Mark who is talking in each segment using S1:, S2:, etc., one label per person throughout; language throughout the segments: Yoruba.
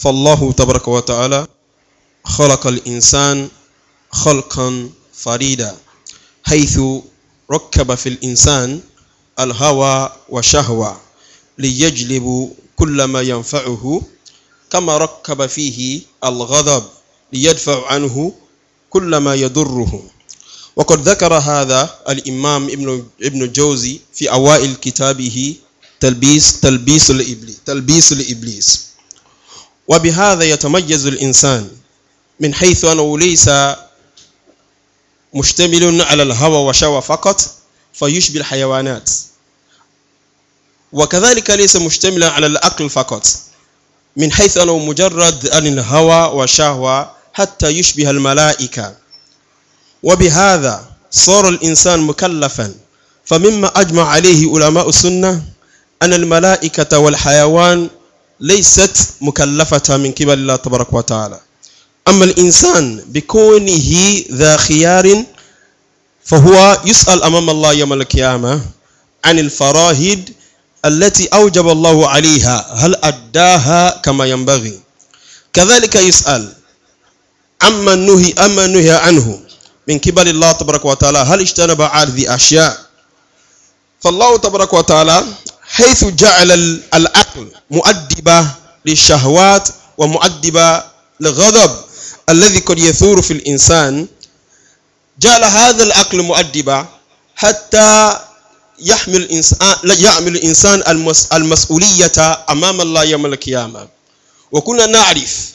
S1: فالله تبارك وتعالى خلق الإنسان خلقا فريدا حيث ركب في الإنسان الهوى والشهوة ليجلب كل ما ينفعه كما ركب فيه الغضب ليدفع عنه كل ما يضره وقد ذكر هذا الإمام ابن ابن الجوزي في أوائل كتابه تلبيس تلبيس الإبليس تلبيس الإبليس وبهذا يتميز الإنسان من حيث أنه ليس مشتمل على الهوى وشوى فقط فيشبه الحيوانات وكذلك ليس مشتملا على الأكل فقط من حيث أنه مجرد عن الهوى والشهوة حتى يشبه الملائكة وبهذا صار الإنسان مكلفا فمما أجمع عليه علماء السنة أن الملائكة والحيوان ليست مكلفة من قبل الله تبارك وتعالى أما الإنسان بكونه ذا خيار فهو يسأل أمام الله يوم القيامة عن الفراهد التي أوجب الله عليها هل أداها كما ينبغي كذلك يسأل عما نهي أما نهي عنه من قبل الله تبارك وتعالى هل اجتنب هذه الأشياء فالله تبارك وتعالى حيث جعل العقل مؤدبا للشهوات ومؤدبا للغضب الذي قد يثور في الإنسان جعل هذا العقل مؤدبا حتى يحمل الإنسان يعمل الإنسان المسؤولية أمام الله يوم القيامة وكنا نعرف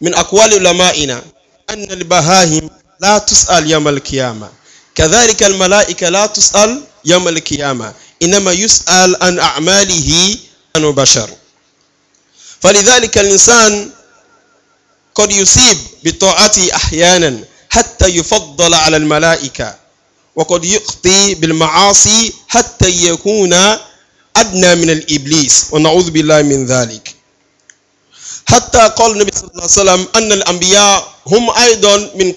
S1: من أقوال علمائنا أن البهائم لا تسأل يوم القيامة كذلك الملائكة لا تسأل يوم القيامة انما يسال عن اعماله عن بشر فلذلك الانسان قد يصيب بطاعته احيانا حتى يفضل على الملائكه وقد يخطي بالمعاصي حتى يكون ادنى من الابليس ونعوذ بالله من ذلك حتى قال النبي صلى الله عليه وسلم ان الانبياء هم ايضا من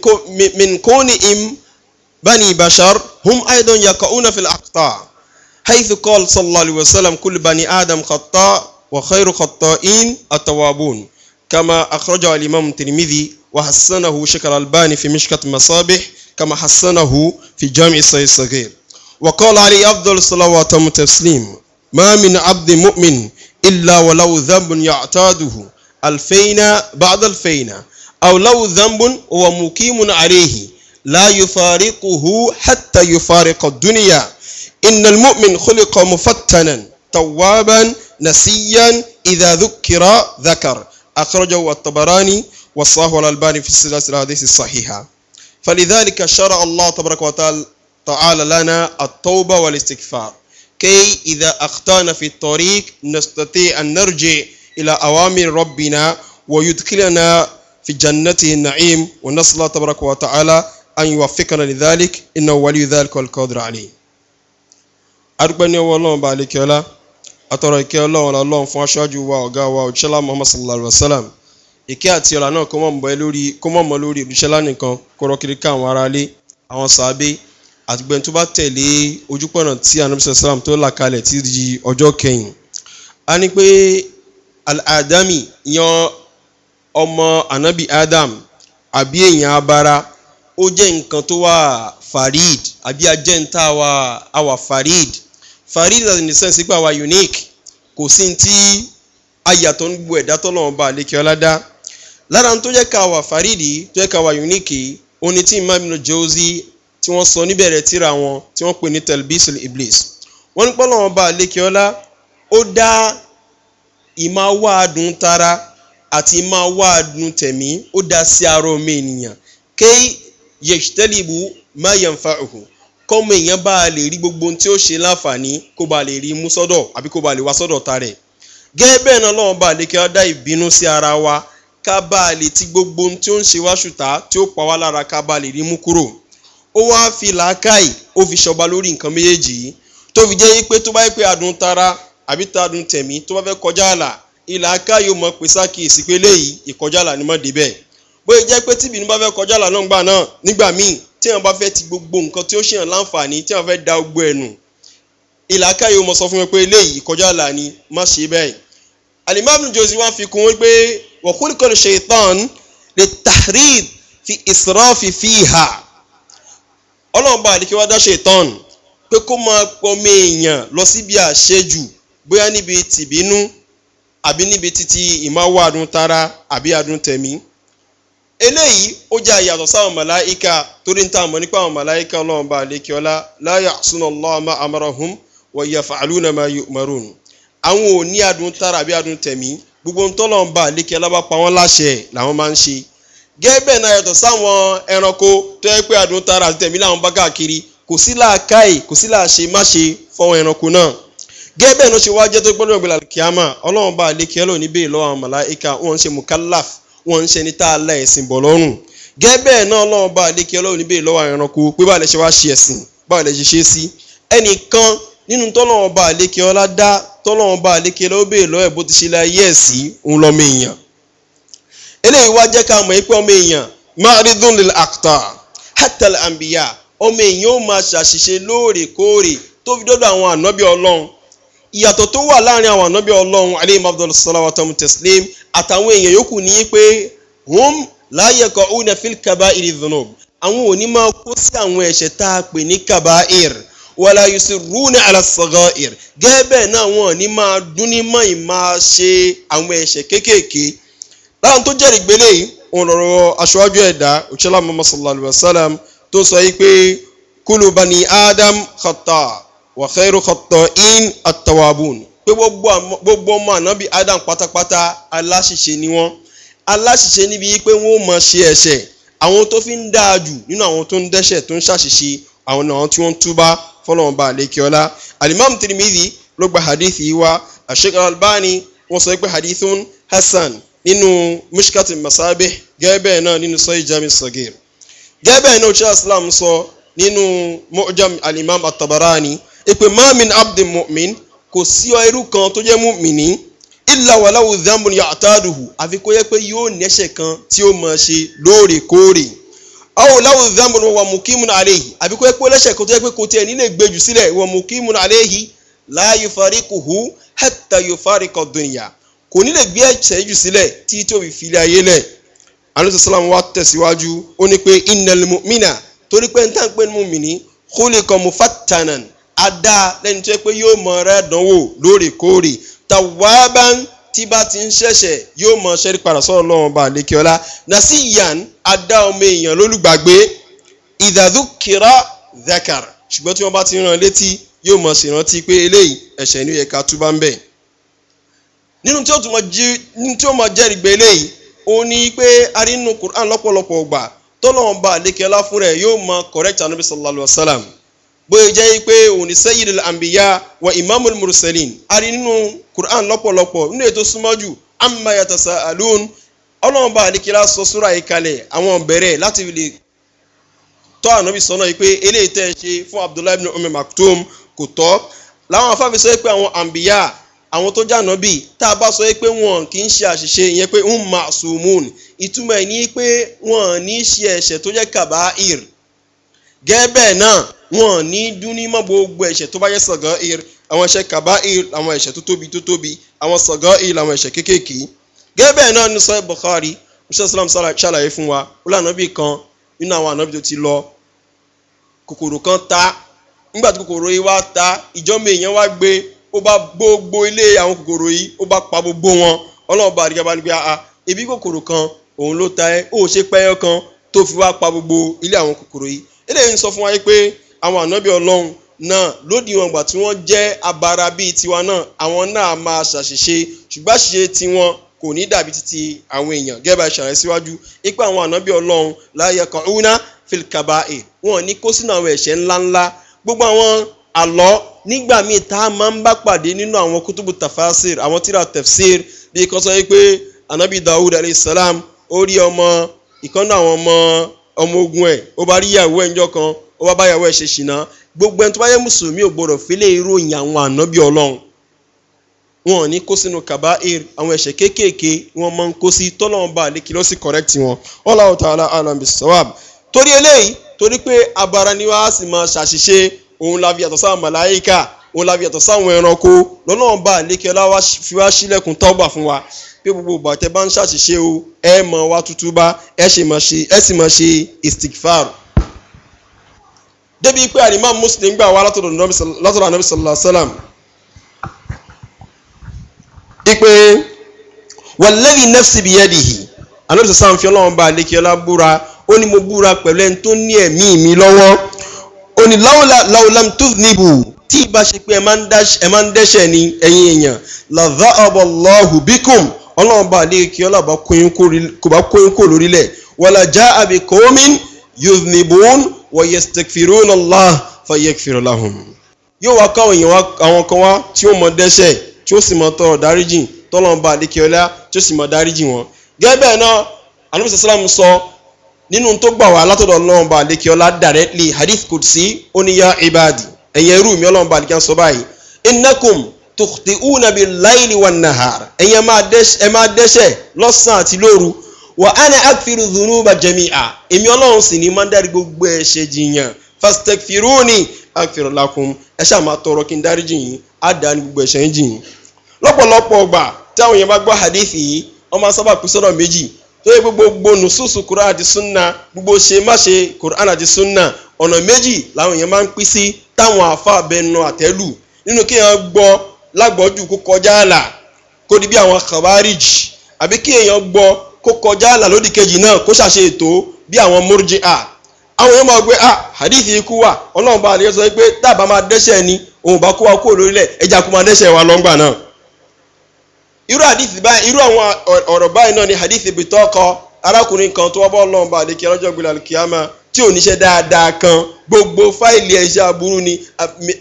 S1: من كونهم بني بشر هم ايضا يقعون في الاخطاء حيث قال صلى الله عليه وسلم كل بني آدم خطاء وخير خطائين التوابون كما أخرجه الإمام الترمذي وحسنه شكر الباني في مشكة مصابح كما حسنه في جامع الصحيح الصغير وقال علي أفضل صلوات وأتم التسليم ما من عبد مؤمن إلا ولو ذنب يعتاده ألفين بعد ألفين أو لو ذنب هو مقيم عليه لا يفارقه حتى يفارق الدنيا إن المؤمن خلق مفتنا توابا نسيا إذا ذكر ذكر أخرجه الطبراني والصاه الألباني في سلسلة الحديث الصحيحة فلذلك شرع الله تبارك وتعالى تعالى لنا التوبة والاستغفار كي إذا أخطأنا في الطريق نستطيع أن نرجع إلى أوامر ربنا ويدخلنا في جنته النعيم ونسأل الله تبارك وتعالى أن يوفقنا لذلك إنه ولي ذلك والقادر عليه adúpẹ́ ní ọwọ́ ọlọ́run bá alẹ́kẹ́ ọlá atọ́rọ̀ ìkẹ́ ọlọ́run ọlọ́run fún aṣáájú wa ọ̀gá wa òjíṣẹ́lá muhammad sallallahu alayhi wa sallam ìkẹ́ àti ọ̀là náà kó mọ̀ mọ́ lórí kó mọ̀ mọ́ lórí òjíṣẹ́lá nìkan kó rọ́ kiri ká àwọn ará ilé àwọn sàábé àtìgbẹ́ni tó bá tẹ̀lé ojúpọ̀nà tí anamisa salam tó là kalẹ̀ ti di ọjọ́ kẹyìn a ní pé al-adami yan ọmọ anabi adam àbí èèyàn abara ó jẹ́ nǹkan tó wà farid àbí ajẹ́ntà wà á farid farida in the sense pé àwa unique kò sí ti ayàtọ̀ ń gbogbo ẹ̀dá tọ́lọ́wọ́n bá àlékè ọládá lára tó jẹ́ ká wà faridi tó jẹ́ ká wà unique oní tí imam ibn jozi tí wọ́n sọ níbẹ̀rẹ̀ tíra wọn tí wọ́n pè ní telbisul iblis wọ́n ní pọ́lọ́wọ́n bá àlékè ọlá ó dá ìmá tara àti ìmá tẹ̀mí ó dá sí ara omi ènìyàn kéyí yèjítẹ́lìbù máyàǹfà òhùn kọ́mọ èèyàn bá a lè rí gbogbo ohun tí ó ṣe láǹfààní kó ba lè rí mú sọ́dọ̀ àbí kó ba lè wá sọ́dọ̀ ta rẹ̀ gẹ́gẹ́ bẹ́ẹ̀ náà lọ́wọ́ bá a lè kí wọ́n dá ìbínú sí ara wa ká bá a lè ti gbogbo ohun tí ó ń ṣe wá ṣùtá tí ó pa wá lára ká ba lè rí mú kúrò ó wá fi làákàì ó fi ṣọba lórí nǹkan méjèèjì yìí tó fi jẹ́ yí pé tó bá yí pé adùn tara àbí tadùn tẹ̀mí tó bá fẹ́ kọjá àlà ìlàákàì tí wọn bá fẹ́ ti gbogbo nǹkan tí ó ṣèyàn láǹfààní tí wọn fẹ́ da gbogbo ẹ̀nù ìlàkàyè ó mọ sọ fún mi pé eléyìí kọjá là ní má ṣe bẹ́ẹ̀ alimami josi wa fi kún pé wàhúlikọ́lù ṣètàn lè tahrid fi ìsirọ́ọ̀fì fi hà ọlọ́run bá àdìkí wá dá ṣètàn pé kó máa pọmọ èèyàn lọ síbi àṣejù bóyá níbi tìbínú àbí níbi títí ìmáwá adùn tara àbí adùn tẹ̀mí eléyìí ó jẹ́ àyàtọ̀ sáwọn màláìka torí níta àmọ́ nípa àwọn màláìka ọlọ́run bá àlékè ọlá láyà súná lọ́ọ̀mà àmọ́rọ̀hún wọ̀yẹ̀ fàálùnà máa yọ mọ́rùn. àwọn ò ní adùn tara àbí adùn tẹ̀mí gbogbo ń tọ́lọ́run bá àlékè ọlá bá pa wọ́n láṣẹ làwọn máa ń ṣe. gẹ́gẹ́ náà yàtọ̀ ẹranko pé tara àti tẹ̀mí làwọn bá wọ́n ń ṣe ní tá a la ẹ̀sìn bọ̀ lọ́rùn gẹ́gẹ́ bẹ́ẹ̀ náà ọlọ́run bá àdékè ọlọ́run níbẹ̀ lọ́wọ́ àwọn ẹranko pé báwo lẹ ṣe wá ṣe ẹ̀sìn báwo lẹ ṣe ṣe sí ẹnìkan nínú tọ́lọ́run bá àdékè ọlá dá tọ́lọ́run bá àdékè lọ́wọ́ bẹ́ẹ̀ lọ́wọ́ ẹ̀ bó ti ṣe la ayé ẹ̀ sí òun lọ́mọ èèyàn eléyìí wá jẹ́ ká mọ̀ pé ọmọ èèyàn maridun lil akta hatal ambiya ọmọ èèyàn ó máa ṣàṣìṣe lóòrèkóòrè tó fi dọ́dọ̀ àwọn ànábì ọlọ́run ìyàtọ̀ tó wà láàrin àwọn ànábì ọlọ́run aleyhim abdul salawatu teslim àtàwọn èèyàn yòókù ní pé hum láàyè kan una fil kaba iridunu àwọn òní máa kó sí àwọn ẹ̀ṣẹ̀ tá a pè ní kaba ir wàlá yusi rúnà alasọ̀gọ́ ir gẹ́gẹ́ bẹ́ẹ̀ náà wọn ò ní máa dún ní mọ́ máa ṣe àwọn ẹ̀ṣẹ̀ kéékèèké láwọn tó jẹ́rìí gbélé òun lọ́rọ̀ aṣáájú ẹ̀dá òṣèlú àmọ́ sallallahu tó sọ yìí pé kúlùbani adam khataa wàhẹ́rù kọ̀tọ̀ in àtàwàbùn pé gbogbo ọmọ ànábì adam pátápátá aláṣìṣe ni wọ́n aláṣìṣe níbi pé wọ́n mọ̀ ṣe ẹ̀ṣẹ̀ àwọn tó fi ń dáa jù nínú àwọn tó ń dẹ́ṣẹ̀ tó ń ṣàṣìṣe àwọn náà tí wọ́n ń túbá fọlọ́wọ́n bá àlékiọ́lá alimami tirimidi ló gba hadithi wa àṣekọ̀ albani wọ́n sọ pé hadithun hasan nínú mishkati masabe gẹ́gẹ́ náà nínú sọ ìjàmì sọ̀gẹ̀rẹ̀ gẹ́gẹ́ náà ṣe islam sọ nínú mọ́jàm alimam atabarani ìpè mọ́mìn abdi mọ́mìn kò sí ọ irú kan tó jẹ́ mọ́mìnì ìlà wàláwù dàmbùn yà àtàdùhù àfi kó yẹ pé yóò nẹ́ṣẹ̀ kan tí ó mọ̀ ṣe lóòrèkóòrè awo láwù dàmbùn wà mùkímù náà àléyìí àfi kó yẹ pé lẹ́ṣẹ̀ kan tó yẹ pé kò tiẹ̀ nílé gbèjù sílẹ̀ wà mùkímù náà àléyìí láàyè farikuhu hẹ́tà yóò farikọ̀ dùnìyà kò nílé gbé ẹ̀ṣẹ̀ jù sílẹ̀ tí tóbi fìlẹ̀ ayé lẹ̀ alẹ́sọ̀sọ́làmù wa tẹ̀síwájú ó ní pé ìnàlmùmínà torí pé ń tàn pé mùmìnì kúlìkọ̀ mùfàtànàn Ada lẹ́ni tó yẹ pé yóò mọ ara dánwò lóòrèkóòrè tàwábà tí bá ti ń ṣẹ̀ṣẹ̀ yóò mọ ṣẹ́rí padà sọ́rọ̀ náà nasi yan adá ọmọ èèyàn lólùgbàgbé ìdàdúkìrá zakar ṣùgbọ́n tí wọ́n bá ti rán létí yóò mọ ṣèrántí pé eléyìí ẹ̀ṣẹ̀ ní ẹ̀ka túbá ń bẹ̀. nínú tí ó mọ jẹ́rìí gbé eléyìí pé arínú quran lọ́pọ̀lọpọ̀ ọgbà ba àlékiọ́lá yóò mọ bóyá jẹ́ pé òun ní sẹ́yìn àmbìyá wa imam mursalin a rí nínú quran lọ́pọ̀lọpọ̀ nínú ètò súnmọ́jù amma yàtọ̀ sàlùn ọlọ́run bá àdékìlá sọ súra ìkalẹ̀ àwọn bẹ̀rẹ̀ láti lè tọ́ ànábì sọ́nà yìí pé eléyìí tẹ́ ẹ ṣe fún abdullahi ibn umar maktoum kò tọ́ láwọn afáfi sọ pé àwọn àmbìyá àwọn tó jànà bíi tá a bá sọ pé wọn kì í ṣe àṣìṣe ìyẹn pé ń ma sùmùn ìtumọ̀ ẹ̀ ní pé wọn ní ṣe ẹ̀ṣẹ̀ tó jẹ́ kàbáìr gẹ́gẹ́ bẹ́ẹ̀ náà wọn ní dún ní mọ́ gbogbo ẹ̀ṣẹ̀ tó bá yẹ sọ̀gán ir àwọn ẹ̀ṣẹ̀ kaba ir àwọn ẹ̀ṣẹ̀ tó tóbi tó tóbi àwọn sọ̀gán ir àwọn ẹ̀ṣẹ̀ kéékèèké gẹ́gẹ́ bẹ́ẹ̀ náà ní sọ bukhari musa salam ṣàlàyé fún wa ó lànà bí kan nínú àwọn ànábi tó ti lọ kòkòrò kan ta nígbà tí kòkòrò yìí wá ta ìjọba èèyàn wá gbé ó bá gbogbo ilé àwọn kòkòrò yìí ó bá pa gbogbo wọn ọlọ́run bá àdìgbà bá ní pé àà ah, ibi kòkòrò kan òun ló ta ẹ́ ó ṣe pẹ́yọ́ kan tó fi wá pa gbogbo ilé àwọn kòkòrò yìí eléyìí ń sọ fún wa pé àwọn ànábì ọlọ́run náà lódì wọn gbà tí wọ́n jẹ́ abara bíi tiwa náà àwọn náà máa ṣàṣìṣe ṣùgbọ́n àṣìṣe tiwọn kò ní dàbí titi àwọn èèyàn gẹ́gẹ́ ṣàlàyé síwájú ipa àwọn ànábì ọlọ́run láyé kan una filkaba e wọn ní kó sínú àwọn ẹ̀ṣẹ̀ ńláńlá gbogbo àwọn àlọ́ nígbà míì tá a máa ń bá pàdé nínú àwọn kútùbù tafasir àwọn tíra tafsir bíi kan sọ pé anabi dawud alayhisalaam ó rí ọmọ ìkànnì àwọn ọmọ ọmọ ogun ẹ̀ ó bá rí ìyàwó ẹ̀ kan ó bá báyàwó ẹ̀ ṣe ṣìnà gbogbo ẹni tó bá yẹ mùsùlùmí ò gbọdọ̀ fílẹ̀ ìròyìn àwọn ànábì ọlọ́run wọn ò ní kó sínú kaba air àwọn ẹ̀ṣẹ̀ kéékèèké wọn máa ń kó sí tọ́lọ́wọ́n bá lékì lọ́sí correct wọn ọláwọ̀ tààlà alambi sawab torí eléyìí torí pé abara ni wàá sì máa ṣàṣìṣe òun la fi yàtọ̀ sáwọn màláyíkà òun la fi yàtọ̀ sáwọn ẹranko lọ́lọ́wọ́n bá lékì ọlá fi wá sílẹ̀kùn tọ́gbà fún wa pé gbogbo bàtẹ́ bá ń ṣàṣìṣe o ẹ mọ̀ wá tútú bá ẹ sì máa ṣe istikfar débi pé àlìmá muslim gbà wá látọ̀dọ̀ anabi sallallahu alayhi wa sallam ipe wàlẹ́yìn nẹ́fṣì bí yẹ́dìhì anabi sallallahu alayhi wa sallam bá alekeola búra ó ní mo búra pẹ̀lú ẹni tó ní ẹ̀mí mi lọ́wọ́ ó ní láwùlám tó níbù tí ìbá ṣe pé ẹ máa ń dẹ́ṣẹ̀ ní ẹ̀yìn èèyàn làdá ọ̀bọ̀ lọ́hù bíkùn ọlọ́run bá alekeola bá kóyún kó lórílẹ̀ wàlàjá àbíkọ́ omi yóò níbùún wa yastaghfiruna Allah fayaghfir lahum yóò wá káwọn èèyàn àwọn kan wá tí ó mọ dẹ́ṣẹ̀ tí ó sì mọ tọrọ dáríjìn tọ́lọ́mọba àdékẹ́ọ́lá tí ó sì mọ dáríjìn wọn. gẹ́gẹ́ náà anamisa salam sọ nínú tó gbà wá látọ̀dọ̀ ọlọ́mọba àdékẹ́ọ́lá directly hadith qudsi oníyá ibadi ẹ̀yẹ irú mi ọlọ́mọba àdékẹ́ọ́lá sọ báyìí innakum tukhti'una bil layli wan nahar ẹ̀yẹ máa dẹ́ṣẹ̀ lọ́sàn àti lóru wà á ní àkfìrú zunú bá jẹmíà èmi ọlọ́run sì ní ni àkfìrú lakùn ẹ̀ṣẹ̀ àmà tọrọ kí n dárí jìyìn á dá ní gbogbo ẹ̀ṣẹ̀ ń jìyìn. lọ́pọ̀lọpọ̀ ọgbà táwọn èèyàn bá gbọ́ hadith yìí sábà sọ́dọ̀ méjì tó gbogbo nùsùsù kúrò àti gbogbo ṣe má ṣe kúrò àti ọ̀nà méjì làwọn máa ń pín sí táwọn kọjá àlà kó di kó kọjá àlà lódì kejì náà kó ṣàṣe ètò bí àwọn mórjì à àwọn yóò máa gbé à ah, hadithi ikú wà ọlọ́run bá àlejò sọ pé dábàá máa dẹ́sẹ̀ ni òun bá kó wa kúrò lórílẹ̀ ẹja kó máa dẹ́sẹ̀ wa lọ́ngbà náà irú hadithi báyìí irú àwọn ọ̀rọ̀ báyìí náà ni hadithi bìtọ́ kọ arákùnrin kan tó wọ́n bọ́ ọlọ́run bá àlejò ọjọ́ gbìlà kìámà tí ò níṣẹ́ dáadáa kan gbogbo fáìlì ẹ̀ṣẹ́ aburú ni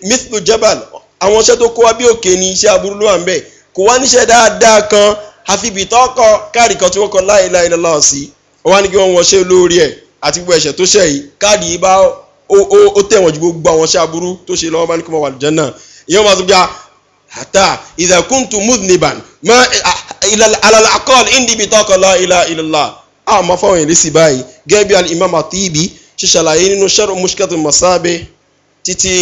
S1: mithlu jabal àwọn iṣẹ́ tó kó wa bí òkè ni iṣẹ́ aburú ló wà ń bẹ̀ kò wá níṣẹ́ dáadáa kan àfi ibi tó kọ káàdì kan tí wọ́n kọ láìláì lọ́wọ́ sí wọ́n wá ní kí wọ́n wọṣẹ́ lórí ẹ̀ àti gbogbo ẹ̀ṣẹ̀ tó ṣẹ̀ yìí káàdì yìí bá ó tẹ̀wọ̀n ju gbogbo àwọn ṣe aburú tó ṣe lọ́wọ́ bá ní kí wọ́n wà lùjẹ́ náà ìyẹn wọn bá tó bí i àtà ìdàkùntù mùdìníbàn mọ àlàlà àkọọ́lù ìndìbì tó kọ láìláì lọ́wọ́ àmọ́ fáwọn èlé sì báyìí gẹ́gẹ́ bí alimami àti ṣiṣàlàyé nínú sẹ́rù mushkatu masabe títí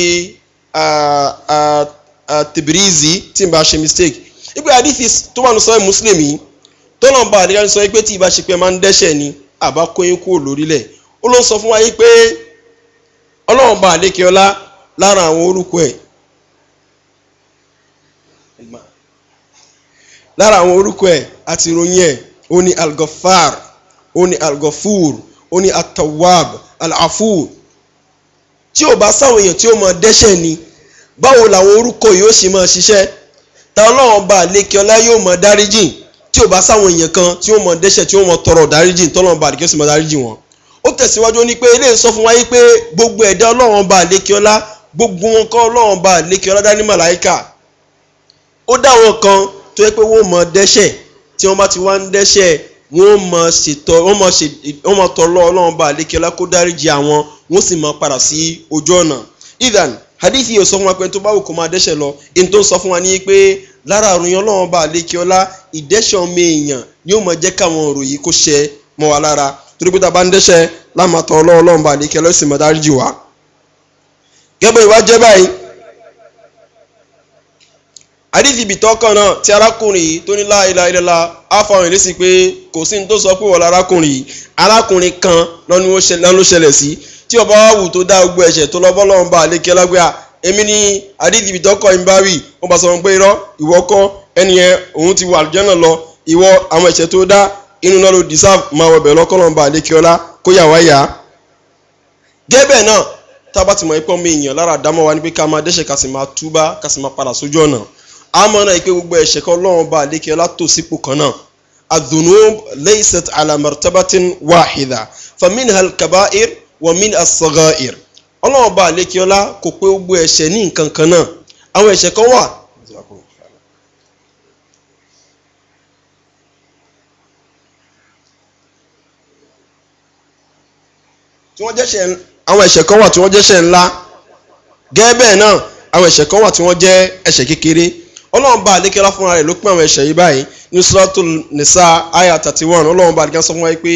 S1: tibirizi tí n bá ṣe mistake ibi àdìsí tó wà ní sọ́ọ́ mùsùlùmí tọ́lọ́mbà àdìgá sọ pé tí ìbá ṣe pé máa ń dẹ́ṣẹ̀ ni àbá kóyún kúrò lórílẹ̀ ó ló sọ fún wa yí pé ọlọ́ọ̀bà àdékẹ́ọ́lá lára àwọn orúkọ ẹ̀ lára àwọn orúkọ ẹ̀ àti ìròyìn ẹ̀ ó ní algofar ó ní algofur ó ní atawab alafur, tí ò bá sáwọn èèyàn tí ó mọ dẹ́ṣẹ̀ ni báwo làwọn orúkọ yìí ó máa ṣiṣẹ́ ta ọlọ́run bá lékè ọlá yóò mọ dáríjì tí ò bá sáwọn èèyàn kan tí ó mọ dẹ́sẹ̀ tí ó mọ tọrọ dáríjì tọ́lọ́run bá lékè ó sì mọ dáríjì wọn. ó tẹ̀síwájú ní pé eléyìí sọ fún wáyé pé gbogbo ẹ̀dá ọlọ́run bá lékè ọlá gbogbo wọn kọ́ ọlọ́run bá lékè ọlá dání màláìkà. ó dá wọn kan tó yẹ pé wọ́n mọ dẹ́sẹ̀ tí wọ́n bá ti wá ń dẹ́sẹ̀ wọ́n mọ ṣètọ́ wọ́n mọ tọrọ ọlọ́run bá lékè ọlá kó dáríjì àwọn wọ́n sì mọ padà sí ojú ọ̀nà. idan hadith yìí ò sọ fún wa pé tó bá wù kó máa dẹ́ṣẹ̀ lọ èyí tó ń sọ fún wa ní pé lára àrùn yẹn ọlọ́run bá lékè ọlá ìdẹ́ṣẹ̀ ọmọ èèyàn ni ó máa jẹ́ káwọn ọ̀rọ̀ yìí kó ṣẹ mọ́ wa lára torí pé tá a bá ń dẹ́ṣẹ̀ lámàtọ̀ ọlọ́run bá lékè ọlọ́sìn máa dáríjì wá. gẹ́gbẹ́ ìwà jẹ́ báyìí hadith ibi tọ́kàn náà tí arákùnrin yìí tó ní láìla ìlẹ́la àfọwọ́n ìlẹ́sìn pé kò sí ní tó sọ pé wọ́n lárákùnrin yìí arákùnrin kan lọ́nu ló ṣẹlẹ̀ sí tí ọba wa wù tó dá gbogbo ẹ̀ṣẹ̀ tó lọ bọ́lọ́run bá àlékẹ́ lágbé à èmi ni àdídìbì tọkọ ń bá wì ó bá sọ wọn pé irọ́ ìwọ kọ́ ẹni yẹn òun ti wà àlùjànnà lọ ìwọ àwọn ẹ̀ṣẹ̀ tó dá inú náà ló deserve máa wọ̀bẹ̀ lọ́kọ́lọ́run bá àlékẹ́ ọlá kó yà wá yà á. gẹ́bẹ̀ náà tába ti mọ̀ ipò mi èèyàn lára àdámọ́ wa ni pé ká máa dẹ́ṣẹ̀ ká sì máa túbá ká sì máa padà sójú ọ̀nà àmọ́ náà ìpè gbogbo ẹ̀ṣẹ̀ kan lọ́wọ́n bá àlékẹ́ ọlá tò sípò kan náà adùnú laysat ala wahida famin hal wọ̀mín asọ̀gọ́ìr ọlọ́run bá àlékiọlá kò pé ó gbé ẹ̀ṣẹ̀ ní nǹkan kan náà àwọn ẹ̀ṣẹ̀ kan wà. tí wọ́n jẹ́ṣẹ̀ àwọn ẹ̀ṣẹ̀ kan wà tí wọ́n jẹ́ṣẹ̀ ńlá gẹ́gẹ́ bẹ́ẹ̀ náà àwọn ẹ̀ṣẹ̀ kan wà tí wọ́n jẹ́ ẹ̀ṣẹ̀ kékeré ọlọ́run bá àlékẹ́lá fúnra rẹ̀ ló pín àwọn ẹ̀ṣẹ̀ yìí báyìí ní sọ́tò nìsa àyà thirty one bá àdìgán sọ fún wa pé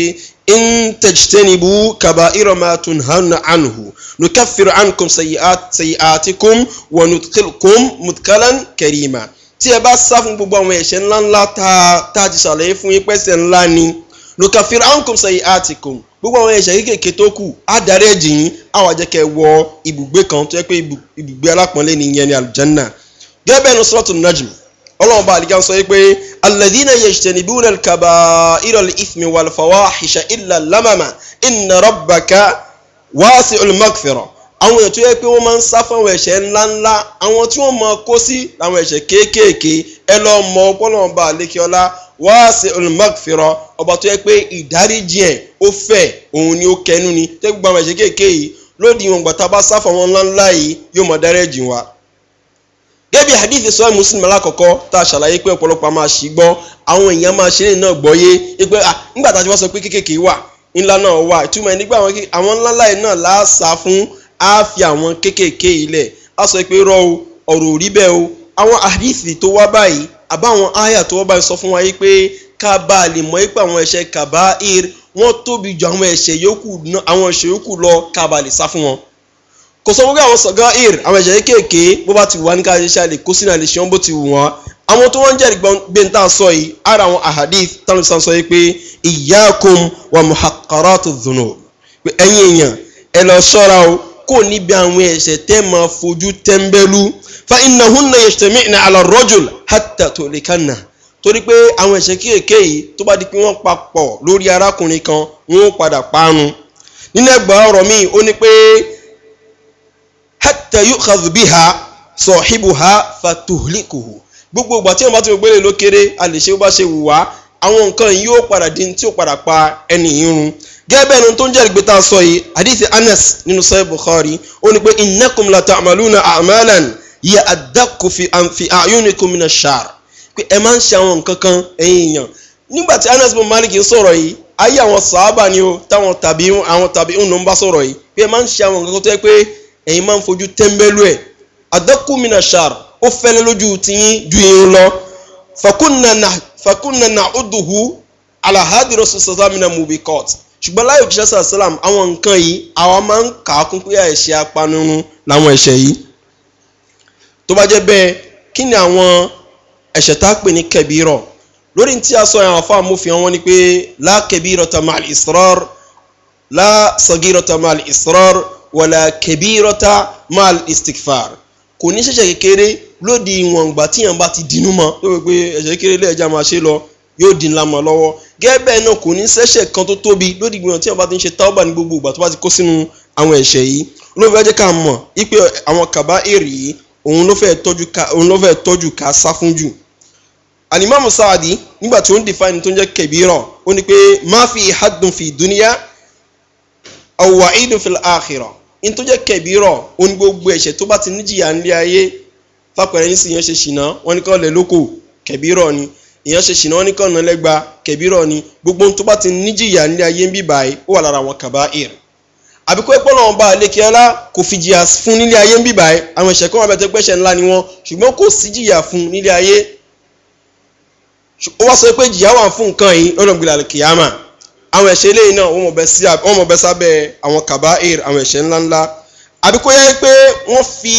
S1: in tajtanibu kaba'ira ma tunhawna anhu nukaffiru ankum sayyi'at sayyi'atikum wa nudkhilkum mudkhalan karima tí ẹ bá sá fún gbogbo àwọn ẹ̀ṣẹ̀ ńláńlá tá tá ti ṣàlàyé fún yín pẹ́sẹ̀ ńlá ni nukaffiru ankum sayyi'atikum gbogbo àwọn ẹ̀ṣẹ̀ kéékèèké tó kù á darí ẹ̀jìn yín á wọ ibùgbé kan tó yẹ pé ibùgbé alápọ̀nlé ni ìyẹn ni gẹ́gẹ́ bẹ́ẹ̀ ni sọ́ọ̀tù najm ọlọ́run bá àdìgá sọ pé alẹ́dínà yẹn ṣẹ̀ni bí wọn kaba irọ́ ìfmi wà lọ́fọwọ́ àṣìṣe ìlà lámàmà ìnà rọ́bàkà wáásì olùmọ́kìfẹ̀rọ̀ àwọn èèyàn tó yẹ pé wọ́n máa ń sá fáwọn ẹ̀ṣẹ̀ ńláńlá àwọn tí wọ́n máa kó sí àwọn ẹ̀ṣẹ̀ kéékèèké ẹ lọ́ mọ ọpọlọ́run bá àlékíọ́lá wáásì olùmọ́kìfẹ̀rọ̀ ọba tó yẹ pé ìdáríjì ẹ̀ ó fẹ̀ òun ni ó kẹnu ni tẹ́gbọ́n àwọn ẹ̀ṣẹ̀ kéékèèké yìí lódì ìwọ̀n gbàtà bá sá fáwọn ńláńlá yìí yóò mọ̀ dáríjì wa gẹ́bí hadith sọ muslim alákọ̀ọ́kọ́ tá a ṣàlàyé pé ọ̀pọ̀lọpọ̀ a máa ṣì gbọ́ àwọn èèyàn máa ṣe náà gbọ́yé pé ah, nígbà tá a ti wá sọ pé kéékèèké wà ńlá náà wà ìtumọ̀ ẹ̀ nígbà àwọn ńláńlá yìí náà láàṣà fún á fi àwọn kéékèèké ilẹ̀ á sọ pé rọ o ọ̀rọ̀ ò rí bẹ́ẹ̀ o àwọn hadith tó wá báyìí àbáwọn aya tó wá báyìí sọ fún wa yìí pé ká bá a lè mọ ipa àwọn ẹ̀ṣẹ̀ kàbáir wọ́n tóbi ju kò sọ wípé àwọn sọ̀gá ir àwọn ẹ̀jẹ̀ kéèké bó bá ti wà ní káyọ̀ ṣáà lè kó sínú àlè ṣeun bó ti wù wọ́n àwọn tó wọ́n jẹ́rìí gbẹ̀ǹtà sọ yìí ara àwọn ahadith tánú sọ yìí pé ìyáàkùn wà mùhàkàrà tó dùnú pé ẹ̀yin èèyàn ẹ lọ ṣọ́ra o kò níbi àwọn ẹ̀ṣẹ̀ tẹ́ máa fojú tẹ́ńbẹ́lú fa iná hún náà yẹ̀ṣẹ̀ mí ìnà àlọ́ rọ́jùl hàtà tó lè kánà torí pé àwọn ẹ̀ṣẹ̀ kéèké yìí tó bá di pé wọ́n papọ̀ lórí arákùnrin kan wọ́n padà parun nínú ẹgbàá ọ̀rọ̀ míì ó ní pé hatta yukhadh biha sahibuha fatuhlikuhu gbogbo ìgbà tí wọn bá ti gbélé ló kéré a lè ṣe bó bá ṣe wù wá àwọn nǹkan yìí yóò padà di tí yóò padà pa ẹni irun gẹ́gẹ́ ẹni tó ń jẹ́ ìgbé tá sọ yìí àdìsí anas nínú sọ́yìn bukhari ó ní pé innakum la ta'maluna a'malan yẹ adaku fi àǹfi a'yunikum min ash-shar pé ẹ máa ń ṣe àwọn nǹkan kan ẹ̀yin èèyàn nígbà tí anas bin malik sọ̀rọ̀ yìí ayé àwọn sàábà ni o táwọn tàbí àwọn tàbí ń bá sọ̀rọ̀ yìí pé ẹ máa ń ṣe àwọn nǹkan tó yẹ pé ẹ̀yin máa ń fojú tẹ́ḿbẹ́lú ẹ̀ àdọ́kùnmínà ṣàr ó fẹ́lẹ́ lójú tiyín ju irun lọ fàkúnnà nà ọdùhù alahadi rasul sàlámìnà mubi court ṣùgbọ́n láyò jíṣẹ́ sàlám àwọn nǹkan yìí àwa máa ń kà á kún pé àìṣe apanirun làwọn ẹ̀ṣẹ̀ yìí tó bá jẹ́ bẹ́ẹ̀ kí ni àwọn ẹ̀ṣẹ̀ tá a pè ní kẹbírọ̀ lórí tí a sọ àwọn afọ amófin wọn ni pé lákẹbírọ̀ tamal israr lásọgírọ̀ tamal israr wàlà kẹbírọ́tà mal istikfar kò ní ṣẹ̀ṣẹ̀ kékeré lóde ìwọ̀n ìgbà tíyàn bá ti dínú mọ́ ló pé ẹ̀ṣẹ̀ kékeré lẹ́ẹ̀já máa ṣe lọ yóò dín lamọ̀ lọ́wọ́ gẹ́gẹ́ náà kò ní ṣẹ̀ṣẹ̀ kan tó tóbi lóde ìwọ̀n tíyàn bá ti ń ṣe táwọ́bà ní gbogbo ìgbà tó bá ti kó sínú àwọn ẹ̀ṣẹ̀ yìí ló fẹ́ ká mọ̀ wípé àwọn kàbá èrè yìí òun ló fẹ́ tọ́jú ká sá fún jù alimami saadi nígbà tí ó define tó ń jẹ́ kẹbírọ̀ ó ní pé má fi hadùn fi dúníyà ọ̀wà ìdùn fi àkìrọ̀ ntọ́jẹ́ kẹ̀bírọ̀ oní gbogbo ẹ̀ṣẹ̀ tó bá ti níjìyà ńlẹ̀ ayé fapẹ̀rẹ̀ ní sí ìyẹn ṣe ṣìnà wọn ní kọ́ lẹ̀ lóko kẹ̀bírọ̀ ni ìyẹn ṣe ṣìnà wọn ní kọ́ nà lẹ́gba kẹ̀bírọ̀ ni gbogbo tó bá ti níjìyà ńlẹ̀ ayé ń bí báyìí ó wà lára àwọn kàbá ìr àbíkó ẹ̀pọ̀ náà bá alẹ́ kíọ́lá kò fi jìyà fún nílé ayé ń bí báyìí àwọn ẹ̀ṣẹ̀ kan wà wọn ṣùgbọ́n àwọn ẹ̀ṣẹ̀ eléyìí náà wọ́n mọ̀ bẹ́ sábẹ́ àwọn kàbáìr àwọn ẹ̀ṣẹ̀ ńláńlá àbí kó yẹ pé wọ́n fi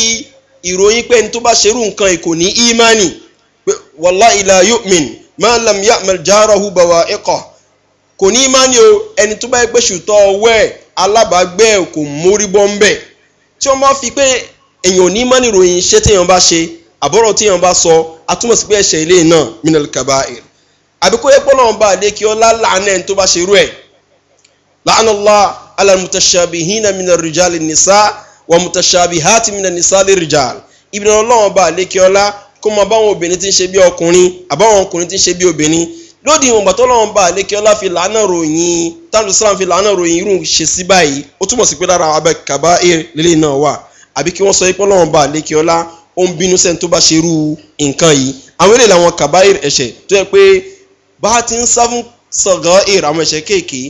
S1: ìròyìn pé ní tó bá ṣerú nǹkan èkó ní ímánì pé wàlá ilà yu'min máa lam ya'mal jarahu bawa ẹ̀kọ́ kò ní ímánì o ẹni tó bá yẹ pé ṣùtọ́ ọwẹ́ alábàágbé kò mórí bọ́ ń tí wọ́n bá fi pé èèyàn ní ímánì ròyìn iṣẹ́ téèyàn bá ṣe àbọ̀rọ̀ téèyàn bá sọ atúmọ̀ sí pé ẹ̀ṣẹ̀ eléyìí náà minal kàbáìr àbí kó yẹ pọ́nà ọba àlékè ọlá làánà ẹni tó bá ṣe rú ẹ̀ làánàlá alàmùtàṣàbìhínà mìnà rìjàlì nìsá wà mùtàṣàbìhátì mìnà nìsá lè rìjàlì ibi náà ọlọ́run ọba àlékè ọlá kó mọ báwọn obìnrin ti ń ṣe bí ọkùnrin àbáwọn ọkùnrin ti ń ṣe bí obìnrin lódì ìwọ̀nba tọ́lọ́run ọba àlékè ọlá fi làánà ròyìn tàbísílám fi làánà ròyìn irú ṣe sí báyìí ó túmọ̀ sí pé lára abẹ kaba lélẹ́yìn náà wà àbí kí wọ́n sọ pé ọlọ́run ọba àlékè ọlá ó ń bínú sẹ́ni tó bá ṣerú nǹkan yìí àwọn eléyìí làwọn kaba ẹ̀ṣẹ̀ tó yẹ pé bá a ti ń sá fún sọ̀gọ́ èrò àwọn ẹ̀ṣẹ̀ kéèké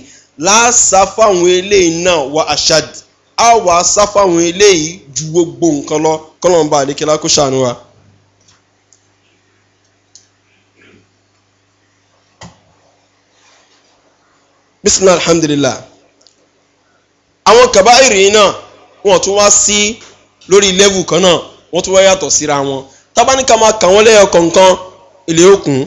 S1: láàsá fáwọn eléyìí náà wà àṣàdì á wà á sá fáwọn eléyìí ju gbogbo nǹkan lọ kọ́lọ́mbà àdékẹ́lá kó ṣàánú wa. bisimilahi alhamdulilah àwọn kàbáyìrì yìí náà wọn tún wá sí lórí lẹ́wù kan náà wọ́n tún wá yàtọ̀ síra wọn tábánikà máa kà wọ́n lẹ́yọ kọ̀ọ̀kan ilé òkun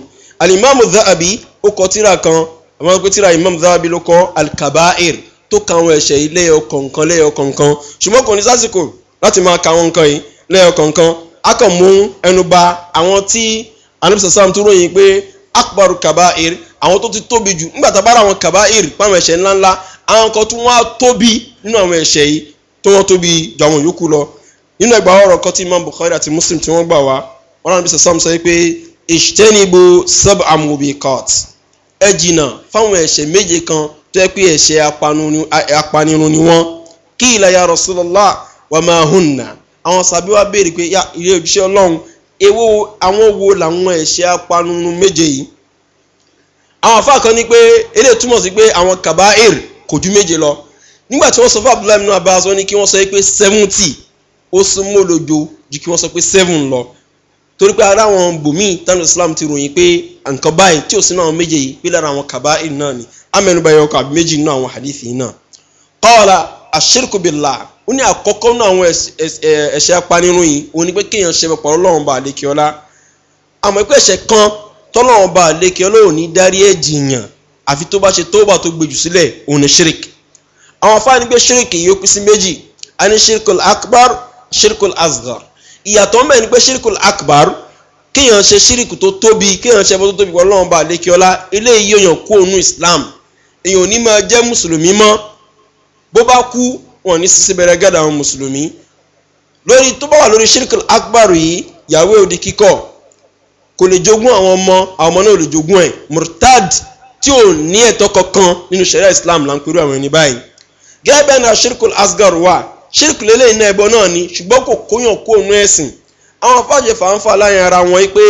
S1: Alimamu zahabi ó kọ tíra kan àwọn pé tíra imam zahabi ló kọ alkabair tó ka àwọn ẹ̀ṣẹ̀ yìí lẹ́yọ kọ̀ọ̀kan lẹ́yọ kọ̀ọ̀kan ṣùgbọ́n kò ní sásìkò láti máa ka àwọn nǹkan yìí lẹ́yọ kọ̀ọ̀kan a kàn mú ẹnu ba àwọn tí anamisa sam tó ròyìn pé akbar kabair àwọn tó ti tóbi jù nígbà tá a bá ra àwọn kabair pàmò ẹ̀ṣẹ̀ ńláńlá àwọn kan tó wọ́n tóbi nínú àwọn ẹ̀ṣẹ̀ yìí tó wọ́n tóbi jù àwọn yòókù lọ nínú ẹgbàá ọ̀rọ̀ kan imam bukhari àti muslim tí wọ́n gbà wá wọn náà bí sàsàm sọ pé ìṣtẹ́nibù sub amubiqat ẹ jìnnà fáwọn ẹ̀ṣẹ̀ méje kan tó yẹ pé ẹ̀ṣẹ̀ apanirun ni wọ́n kí ìlàyà rasulullah wà máa hùn nà àwọn sàbí wa béèrè pé ilé òjíṣẹ́ ọlọ́run èwo àwọn wo làwọn ẹ̀ṣẹ̀ apanirun méje yìí àwọn afa kan ní pé eléyìí túmọ̀ sí pé àwọn kabair kò ju méje lọ nígbà tí wọ́n sọ fún abdullahi ibn abbas wọ́n ní kí wọ́n sọ pé seventy ó sún mọ́ lójo ju kí wọ́n sọ pé seven lọ torí pé ara àwọn bòmíì tánú islam ti ròyìn pé nǹkan báyìí tí ò sínú àwọn méjèèjì pé lára àwọn kaba ìlú náà ni amẹnuba yẹn ọkọ àbí méjì nínú àwọn hadithi náà kọ́ọ̀lá àṣírkùbìlà ó ní àkọ́kọ́ nínú àwọn ẹ̀ṣẹ̀ apaniròyìn òun ni pé kéèyàn ṣe pẹ̀pọ̀ ọlọ́run bá àlékè ọlá àmọ́ pé ẹ̀ṣẹ̀ kan tọ́lọ́run bá àlékè ọlá ní darí ẹ̀ akbar ṣíríkùl asgar ìyàtọ̀ ń bẹ̀ ni pé ṣírìkùl akbar kéèyàn ṣe ṣírìkù tó tóbi kéèyàn ṣe ẹbọ tó tóbi pẹ̀lú ọlọ́run bá lékiọlá eléyìí èèyàn kú òun islam èèyàn ò ní máa jẹ́ mùsùlùmí mọ́ bó bá kú wọn ní sísè bẹ̀rẹ̀ gàdà àwọn mùsùlùmí lórí tó bá wà lórí ṣírìkùl akbar yìí yàwé òdi kíkọ kò lè jogún àwọn ọmọ àwọn ọmọ náà lè jogún ẹ murtad tí ò ní ẹ̀tọ́ kankan nínú sẹ̀ríà islam là ń pẹ̀lú àwọn ẹni báyìí gẹ́gẹ́ bẹ́ẹ̀ ni àṣírìkùl asgar wà ṣírkù lélẹ̀ iná ẹbọ náà ni ṣùgbọ́n kò kóyàn kó òun ẹ̀sìn àwọn afáàjẹ fàǹfà láyìn ara wọn pé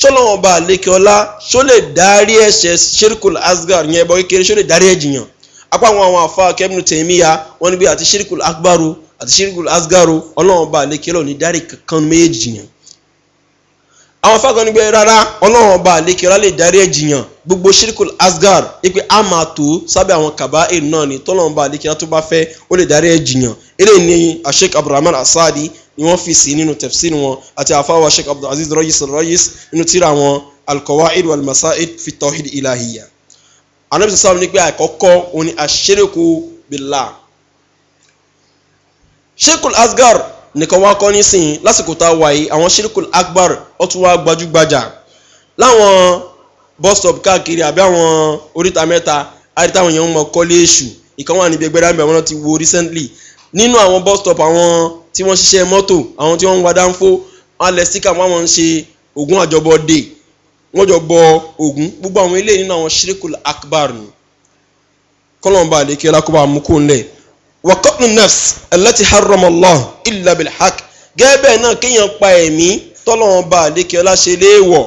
S1: sọlọ́wọ́n bá lékè ọlá ṣó lè darí ẹ̀ṣẹ̀ ṣírkù asgar yẹn ẹbọ kékeré ṣó lè darí ẹ̀jìyàn apá àwọn àwọn afá kẹ́mínú tèmíya wọn ni bí àti ṣírkù akbaru àti ṣírkù asgaru ọlọ́wọ́n bá lékè ọlọ́ọ̀ni darí kankan méjì yẹn àwọn fákan nígbẹ rárá ọlọ́run ọba àlekèrà lè darí ẹ̀jìyàn gbogbo shirikul asgar ipe a máa tó sábẹ́ àwọn kaba èrè náà ni tọ́lọ́run ọba àlekèrà tó bá fẹ́ ó lè darí ẹ̀jìyàn eléyìí ni asheik abdulrahman asadi ni wọ́n fi sí nínú tẹ̀síìnì wọn àti àfáwọ̀ asheik abdulaziz rojis rojis nínú tíra wọn alkọwa eid wal fi tawhid ilahiya anabisa sáwọn ní pé àkọ́kọ́ òun ni ashiriku shirikul asgar nìkan wá kọ́ nísìnyí lásìkò tá a wà yìí àwọn shirikul akbar ọtún wá gbajúgbajà láwọn bus stop káàkiri àbí àwọn oríta mẹ́ta àti táwọn èèyàn ń mọ kọ́lé èṣù ìkan wà níbi ẹgbẹ́rẹ́ àmì ti wo recently nínú àwọn bus stop àwọn tí wọ́n ṣiṣẹ́ mọ́tò àwọn tí wọ́n ń wa dánfó alẹ́ síkà wọn ń ṣe ògùn àjọbọ dé wọ́n jọ bọ ògùn gbogbo àwọn eléyìí nínú àwọn shirikul akbar ni kọ́lọ́mbà àdékẹ́lá kó bá mú kó ńlẹ̀ wa qatlu nafs allati harrama Allah illa bil haqq gẹ́gẹ́ náà kéèyàn pa ẹ̀mí tọ́lọ́wọ́n bá àdékè ọlá ṣe léèwọ̀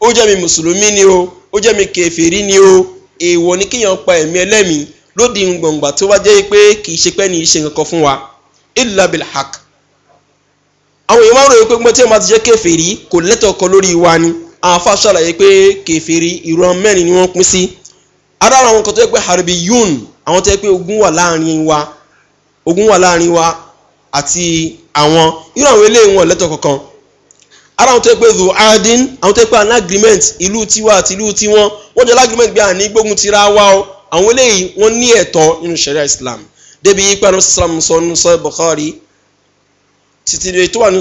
S1: ó jẹ́ mi mùsùlùmí ni o ó jẹ́ mi kèfèrí ni o èèwọ̀ ni kéèyàn pa ẹ̀mí ẹlẹ́mìí lóde gbọ̀ngbà tó wá jẹ́ pé kì í ṣe pẹ́ ní ìṣe nǹkan fún wa illa àwọn èèyàn máa ń ròyìn pé gbọ́n tí wọ́n bá ti jẹ́ kèfèrí kò lẹ́tọ̀ọ́ kan lórí wa ni àwọn afáṣàlàyé pé kèfèrí ìran mẹ́rin ni wọ́n pín sí ara àwọn kan tó yẹ pé harbi yun àwọn tó yẹ pé ogun wà láàrin wa ogun wà láàrin wa àti àwọn irú àwọn eléyìí wọn lẹ́tọ̀ kankan ara àwọn tó yẹ pé zu adin àwọn tó yẹ pé an agreement ìlú tiwa àti ìlú tiwọn wọ́n jẹ́ lágrímẹ̀tì bí àní gbógun tira wa o àwọn eléyìí wọ́n ní ẹ̀tọ́ nínú sharia islam débi ipa ní islam sọ ní sọ bukhari títí tó wà ní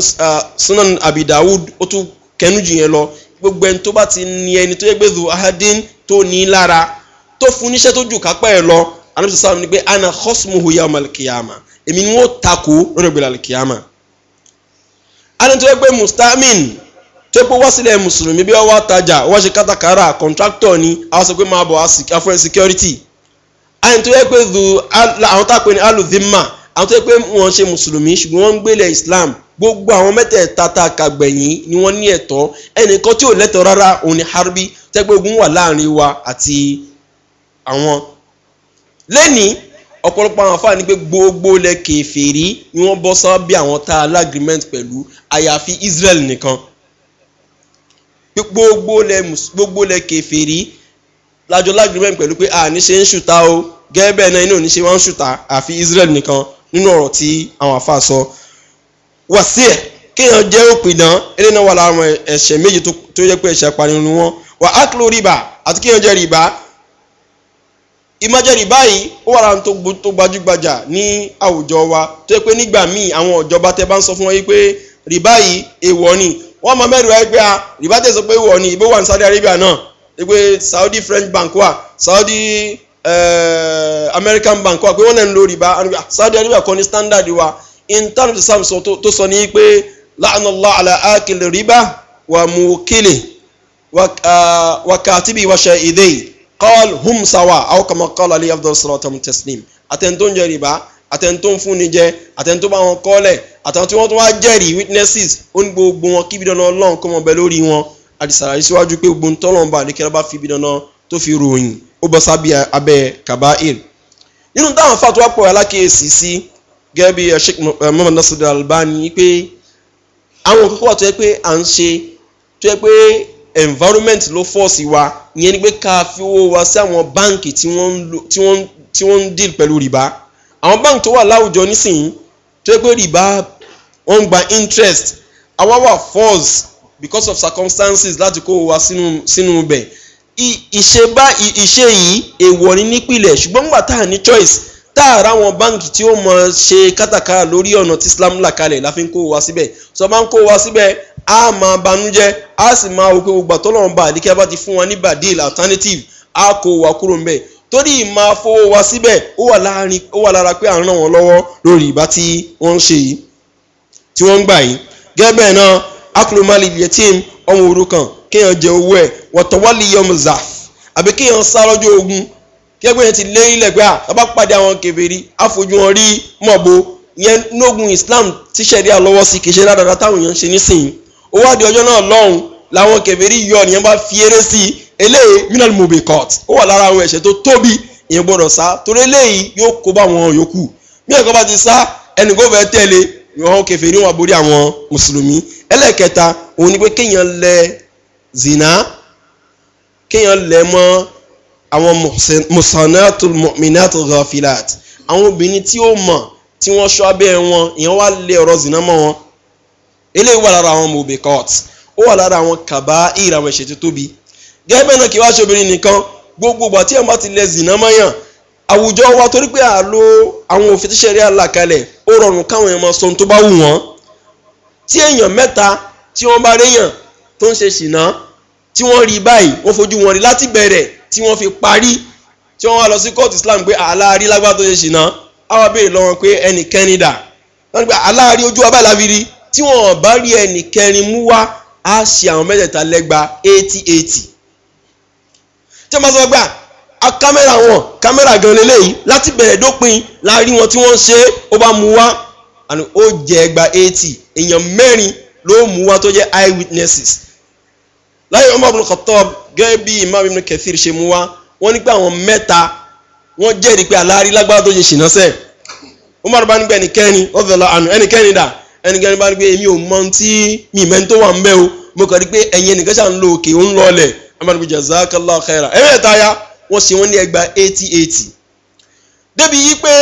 S1: sunan abi dawud ó tún kẹnu jù yẹn lọ gbogbo ẹni tó bá ti ní ẹni tó yẹ pé zu adin tó ní lára tó fún níṣẹ́ tó jù kápẹ́ ẹ lọ anábìsọ sáà ní pé ana khosmuhu yawm al-qiyamah èmi ni wọ́n takò lọ́dọ̀ gbèrè al-qiyamah. alẹ́ tó yẹ pé mustamin tó yẹ pé wá sílẹ̀ mùsùlùmí bí wọ́n wá tajà wọ́n ṣe kátàkárà kọ̀ǹtráktọ̀ ni àwọn sọ pé máa bọ̀ afẹ́ security. alẹ́ tó yẹ pé àwọn tá a pè ní aludhimma pé wọ́n ṣe mùsùlùmí ṣùgbọ́n wọ́n ń gbélé islam gbogbo àwọn mẹ́tẹ̀ẹ̀ta tá a kà gbẹ̀yìn ni wọ́n ní ẹ̀tọ́ ẹnìkan tí ò lẹ́tọ̀ọ́ rárá òun ni harbi tẹ́gbẹ́ ogun wà láàrin wa àti àwọn lẹ́ni ọ̀pọ̀lọpọ̀ àwọn afáàní pé gbogbo ilẹ̀ kẹfẹ́rí ni wọ́n bọ́ sábà bí àwọn tá a lágrímẹ́ǹt pẹ̀lú àyàfi israel nìkan gbogbo ilẹ̀ gbogbo ilẹ̀ kẹfẹ́rí lájọ lágrímẹ́ǹt pẹ̀lú pé àní ṣe ń ṣùtá o gẹ́gẹ́ bẹ́ẹ̀ náà inú òní ṣe wá ń ṣùtá àfi israel nìkan nínú ọ̀rọ̀ tí àwọn afáà sọ wàsíẹ̀ kéèyàn jẹ́ òpìdán eré náà wà láwọn ẹ̀ṣẹ̀ méje tó yẹ pé ẹ̀ṣẹ̀ apanirun wọn wà á kúrò rìbá àti kéèyàn jẹ́ rìbá ìmájẹ̀rì báyìí ó wà lára tó gbajúgbajà ní àwùjọ wa tó yẹ pé nígbà míì àwọn ìjọba tẹ bá ń sọ fún wọn yìí pé rìbá yìí èèwọ̀ ni wọ́n mọ mẹ́rin wáyé pé a rìbá tẹ̀ sọ pé èèwọ̀ ni ìbò wà ní Saudi Arabia náà pé Saudi French bank wà Saudi uh, American bank wà pé wọ́n lẹ́nu lo rìbá Saudi Arabia kọ́ ni standard wa intan to sam sọ tó sọ ní pé la'anallah ala akil rìbá wa mukili wa ah, katibi wa ṣe ìdẹ́yìí kọ́l hum sawa aw kama kọ́l ali abdul salatu mu taslim àtẹ̀ntó ń jẹ rìbá àtẹ̀ntó ń fúnni jẹ àtẹ̀ntó bá wọn kọ́lẹ̀ àtàwọn tí wọ́n tún wá jẹ́rìí witnesses ó ní gbogbo wọn kíbi dandan ọlọ́run kọ́ mọ bẹ lórí wọn àdìsára yìí síwájú pé gbogbo ntọ́lọ́run bá àdékẹ́lá bá fi ibi dandan tó fi ròyìn ó bọ́ sábẹ́ fatuwa pọ̀ alákèésí sí gẹ́gẹ́ bí sheik muhammad nasir albani pé àwọn òkúkú wà tó yẹ pé à ń ṣe tó yẹ pé environment ló fọ́ọ̀sì wa ìyẹn ni pé ká fi owó wa sí àwọn báǹkì tí wọ́n ń deal pẹ̀lú rìbá àwọn báǹkì tó wà láwùjọ nísìnyí tó yẹ pé rìbá wọ́n ń gba interest àwa wà force because of circumstances láti kó wa sínú ibẹ̀ ìṣèbá ìṣe yìí èèwọ̀ ní nípìnlẹ̀ ṣùgbọ́n nígbà tá a ní choice táàrà àwọn báǹkì tí ó mọ ṣe kátàkárà lórí ọ̀nà tí islam là kalẹ̀ la fi ń kó wa síbẹ̀ sọ máa ń kó wa síbẹ̀ a máa banújẹ́ a sì máa wò pé gbogbo àtọ́lọ́wọ́n bá àdékẹ́ bá ti fún wọn ní badil alternative a kò wà kúrò ńbẹ̀ torí máa fowó wa síbẹ̀ ó wà lára pé à ń ràn wọ́n lọ́wọ́ lórí ìbá tí wọ́n ń ṣe yìí tí wọ́n ń gbà yìí gẹ́gẹ́ bẹ́ẹ̀ náà akulomali yetim ọmọ òrukàn kéèyàn jẹ owó ẹ̀ wọ̀tọ̀wálì yọmù zaf àbí kéèyàn sá lọ́jọ́ ogun kẹ́gbẹ́ yẹn ti lé ilẹ̀ pé àbá pàdé àwọn kẹfẹ́rí àfojú wọn rí mọ̀bo yẹn nógun islam tíṣẹ̀rí àlọ́wọ́ sí kìí ṣe dáadáa táwọn èèyàn ń ṣe nísìnyí ó wá di ọjọ́ náà lọ́hùn làwọn kẹfẹ́rí yọ nìyẹn bá fi eré sí i eléyìí minal mobi court ó wà lára àwọn ẹ̀ṣẹ̀ tó tóbi ìyẹn gbọ́dọ̀ sá torí eléyìí yóò kó bá wọn yòókù bí ẹ̀kọ́ bá ti sá ẹnì kó fẹ́ tẹ̀lé ìwọ̀n kẹfẹ́rí wọn borí àwọn mùsùlùmí ẹlẹ́ẹ̀kẹta òun ni pé kéèyàn lẹ zina kéèyàn lẹ mọ́ àwọn musanatul mu'minatul ghafilat àwọn obìnrin tí ó mọ̀ tí wọ́n ṣọ́ abẹ́ wọn ìyẹn wá lé ọ̀rọ̀ zina mọ́ wọn eléyìí wà lára àwọn mobe ó wà lára àwọn kaba ìrà àwọn ẹ̀ṣẹ̀ tó tóbi gẹ́gẹ́ bẹ́ẹ̀ náà kí wá ṣe obìnrin nìkan gbogbo ìgbà tí ẹ̀ bá ti lẹ zìnà mọ́yàn àwùjọ wa torí pé àlò àwọn òfin tíṣẹ́ rí àlàkalẹ̀ ó rọrùn káwọn èèyàn máa sọ ohun tó bá wù wọ́n tí èèyàn mẹ́ta tí wọ́n bá réyàn tó ń ṣe ṣìnà tí wọ́n rí báyìí wọ́n fojú wọn rí láti bẹ̀rẹ̀ tí wọ́n fi parí tí wọ́n wá lọ sí kóòtù islam pé àlárí lágbára ṣe ṣìnà àwọn abéèrè lọ́wọ́ pé ẹnikẹ́ni dà wọ́n gbà àlárí ojú wa báyìí rí tí wọn bá rí ẹnì kẹrin mú wá á ṣe àwọn mẹ́tẹ̀ẹ̀ta lẹ́gba eighty eighty tí wọ́n bá sọ gbà á ah, kámẹ́rà wọn kámẹ́rà gan lélẹ́yìí láti bẹ̀rẹ̀ dópin la rí wọn tí wọ́n ṣe ó bá mú wá àná ó jẹ́ ẹgba eighty èèyàn mẹ́rin ló mú wá tó jẹ́ eye witnesses láyé ọmọ ọmọ kọtọb gẹ́gẹ́ bí imam ibn kathir ṣe mú wá wọ́n nígbà àwọn mẹ́ta wọ́n jẹ́rìí pé aláàrí lágbára tó ṣe ṣìnà sẹ́ẹ̀ ó má rọ̀ bá nígbà ẹnikẹ́ni ó àná ẹnikẹ́ni dà ẹnikẹ́ni bá rí pé èmi ò mọ tí mi ìmẹ́ tó wà ń bẹ́ o mo kàn rí pé ẹ̀yin ẹnìkan ṣà ń òkè ń lọlẹ̀ amadu jazakallah khaira ẹ̀mẹ́ta ya wọ́n ṣe wọ́n ní ẹgbà eighty eighty débi yí pé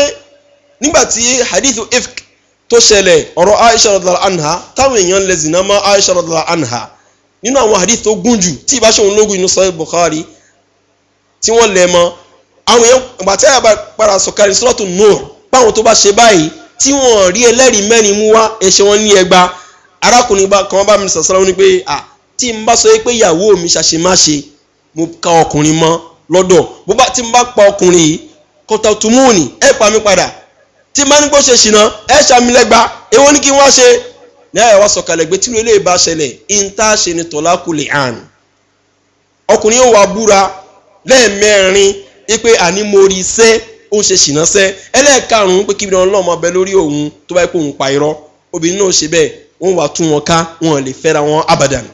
S1: nígbàtí hadithu ifk tó ṣẹlẹ̀ ọ̀rọ̀ aisha radala anha táwọn èèyàn lè zina mọ́ aisha radala anha nínú àwọn hadith tó gùn jù tí ìbáṣe òun lógun inú sahih bukhari tí wọ́n lẹ̀ mọ́ àwọn èèyàn gbàtẹ́ àbá para sọ̀kari sọ́tún nù báwọn tó bá ṣe báyìí tí wọ́n rí ẹlẹ́rìí mẹ́rin mú wá ẹ̀ṣẹ̀ wọn ní ẹgba arákùnrin kan bá mi sọ̀sọ́ lọ́wọ́ ni pé à tí n bá sọ pé ìyàwó mi ṣàṣemáṣe mo ka ọkùnrin mọ́ lọ́dọ̀ bó bá tí n bá pa ọkùnrin yìí kọta tùmúùnì ẹ pa mí padà tí n bá ní kó ṣe ṣìnà ẹ ṣàmìlẹ́gba èwo ní kí n wá ṣe náà wá sọ̀kalẹ̀ gbé tìrú eléyìí bá ṣẹlẹ̀ ìntà ṣe ni tọ́lákùlẹ̀ àn ọkùnrin yóò wá búra lẹ́ẹ̀mẹ́rin wípé àní mo rí iṣẹ́ ó ṣe ṣìnà sẹ́ ẹlẹ́ẹ̀karùn-ún pé kí ibi ọlọ́mọ ọbẹ̀ lórí òun tó bá yẹ kó òun pa irọ́ obìnrin náà ṣe bẹ́ẹ̀ wọ́n wà tún wọn ká wọn lè fẹ́ra wọn abadan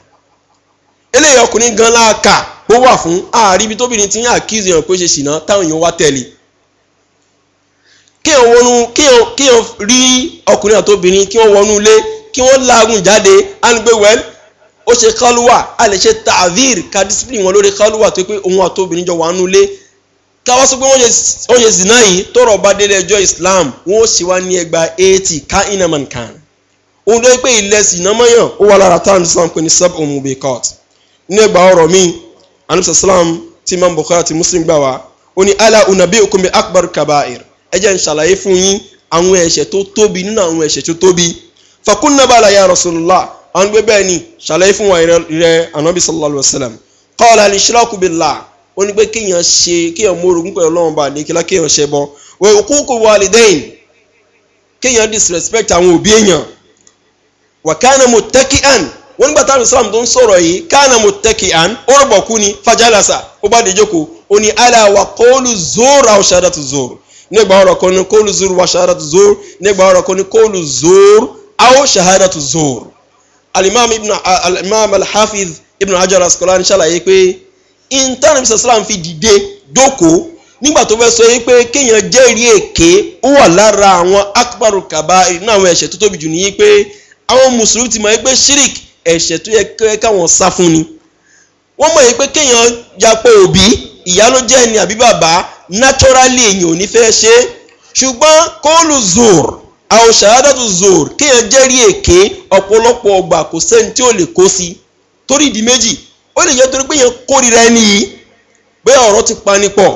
S1: eléyìí ọkùnrin gan láàkà ó wà fún ààrí ibi tóbìnrin ti ń àkíyèsí hàn pé ṣe ṣìnà táwọn èèyàn wá tẹ̀lé kéèyàn wọnú rí ọkùnrin àtòbìnrin kí wọ́n wọnú ilé kí wọ́n laagun jáde anugbewẹ́l ó ṣe kálúwà a lè ṣe tàvír ká discipline wọn lórí kálúwà tó pé òun àtòbìnrin jọ wà nú ilé táwa sọ pé wọ́n ṣe zina yìí tọrọ bá délé ẹjọ́ islam wọ́n sì wá ní ẹgbàá eighty ká inaman kan òun ló pé ilẹ̀ zina mọ́yàn ó wà lára táwọn islam pé ní sub omube court ní ẹgbàá ọ̀rọ̀ mi anamsa islam tí imam bukhari àti muslim gbà wá ó ní ala unabi okun akbar kabair ẹ jẹ́ n ṣàlàyé fún yín àwọn ẹ̀ṣẹ̀ tó tóbi nínú àwọn ẹ̀ṣẹ̀ tó tóbi fakunnabala ya rasulillah àwọn gbé bẹ́ẹ̀ ni ṣàlàyé fún wa rẹ anabi sallallahu alayhi wa sallam kọ́ọ̀lá ni ṣílọ́kù bi láà ó ní pé kéèyàn ṣe kéèyàn mórogún pẹ̀lú ọlọ́run bá ní kílá kéèyàn ṣe bọ́ wẹ̀ òkúkú wàlídẹ́yìn kéèyàn disrespect àwọn òbí èèyàn wà káàna mo tẹ́kì àn wọ́n nígbà táwọn islam tó ń sọ̀rọ̀ yìí káàna mo tẹ́kì àn ó rọ̀bọ̀ kú ni fajalasa ó bá dé jókòó ó ní ala wa kóòlù zoro àwòṣàdà tó zoro nígbà ọ̀rọ̀ kan ní kóòlù zoro àwòṣàdà tó zoro nígbà ọ̀rọ̀ kan ní kóòlù zoro àwòṣàdà tó zoro alimami ibn alhafiz ibn hajar asukọlani ṣàlàyé pé intanet islam fi dìde jókòó nígbà tó fẹ́ sọ yìí pé kéèyàn jẹ́rìí èké ó wà lára àwọn akbaru kaba nínú àwọn ẹ̀ṣẹ̀ tó tóbi jù nìyí pé àwọn mùsùlùmí ti mọ̀ pé shirik ẹ̀ṣẹ̀ tó yẹ káwọn sá fún ni wọ́n mọ̀ yìí pé kéèyàn yapọ̀ òbí ìyá ló jẹ́ ẹni àbí bàbá naturally èèyàn ò ní fẹ́ ṣe ṣùgbọ́n kóòlù zor àwọn ṣàádàtú zor kéèyàn jẹ́rìí èké ọ̀pọ̀lọpọ̀ ọgbà kò sẹ́ni tí ò lè kó sí torí ìdí méjì ó lè jẹ́ torí pé yẹn kórìíra ẹni yìí bóyá ọ̀rọ̀ ti pani pọ̀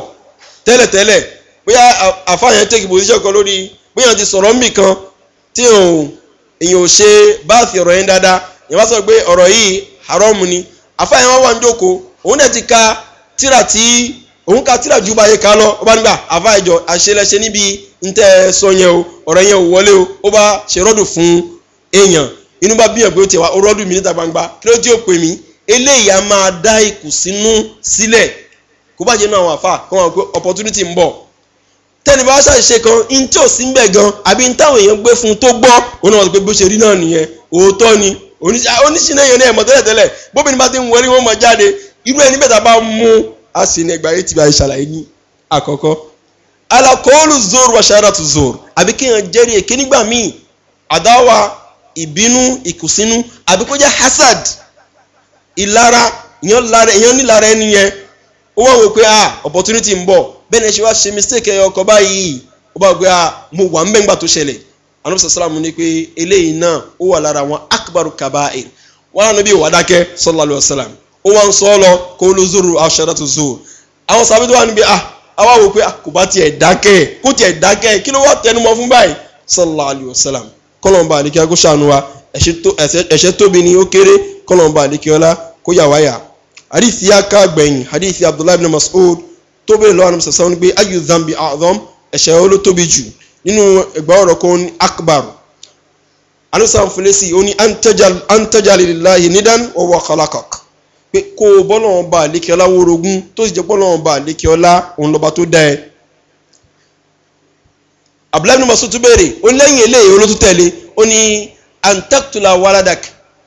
S1: tẹ́lẹ̀tẹ́lẹ̀ bóyá àfàyàn take position kan lórí bóyá ti sọ̀rọ̀ ń bì kan tí èèyàn ò ṣe báàsì ọ̀rọ̀ yẹn dáadáa yẹn bá sọ pé ọ̀rọ̀ yìí ni wà ń jókòó òun náà ka tíra tí òun ka tíra ju báyé ká lọ ó bá nígbà àfàyàjọ àṣelẹṣe níbi ntẹ sọ yẹn o ọ̀rọ̀ yẹn ò wọlé o ó bá ṣe rọ́dù fún èèyàn inú bá eléyìí a máa dá ìkùnsínú sílẹ̀ kó bá jẹ́ náà àwọn àfa kó wọn pé opportunity ń bọ̀ tẹ́ni bá ṣàṣìṣe kan in tí ò sí ń bẹ̀ gan àbí in táwọn èèyàn gbé fún un tó gbọ́ òun náà wọ́n ti pé bó ṣe rí náà nìyẹn òótọ́ ni oníṣìnà èèyàn náà ẹ̀mọ́ tẹ́lẹ̀ tẹ́lẹ̀ bóbìnrin bá ti ń wọlé wọn mọ̀ jáde irú ẹni bẹ́ẹ̀ tá bá mú a sì ní ẹgbàá yìí ti bá ṣàlàyé ní àkọ́kọ́. alakóòlù zoro wàṣàrà tó zoro àbí kéèyàn jẹ́rìí èké nígbà míì àdáwà ìbínú ìkùnsínú àbí kó jẹ́ hasad ìlara èèyàn nílara ẹni yẹn ó wá wò pé opportunity ń bọ̀ bẹ́ẹ̀ ni ṣe wá ṣe mistake ẹ̀yọ ọkọ̀ báyìí ó bá gbé ah mo wà ń bẹ́ẹ̀ gbà tó ṣẹlẹ̀ anamsa salamu ni pé eléyìí náà ó wà lára àwọn akbaru kaba'ir wọn àná bíi wàdákẹ́ sallallahu alayhi wa sallam ó wá ń sọ ọ lọ kó ló zoro aṣọ́dá tó zoro àwọn sábẹ́ tó wà níbi ah àwa wò pé ah kò bá tiẹ̀ dákẹ́ kó tiẹ̀ dákẹ́ kí ló wà tẹnumọ́ fún báyìí sallallahu alayhi wa sallam kọ́lọ̀ ẹ̀ṣẹ̀ tóbi ni ó kéré kọ́lọ̀mbà àdékíọ́lá kó yà wáyà àdìsí aká gbẹ̀yìn àdìsí abdullahi bin masoud tó bèrè lọ́wọ́ anamsa sáwọn pé ayu zambi adam ẹ̀ṣẹ̀ ó ló tóbi jù nínú ẹgbà ọ̀rọ̀ kan ní akbar anusan fúlẹ́sì ó ní antajalilahi nidan ọwọ́ kalakak pé kó o bọ́ lọ́wọ́ bá àdékíọ́lá wórogún tó sì jẹ́ bọ́ lọ́wọ́ bá àdékíọ́lá òun lọ́ba tó dá ẹ abdullahi bin masoud tó bèrè ó lẹ́yìn eléyìí olótú tẹ̀lé ó ní an taktula waladak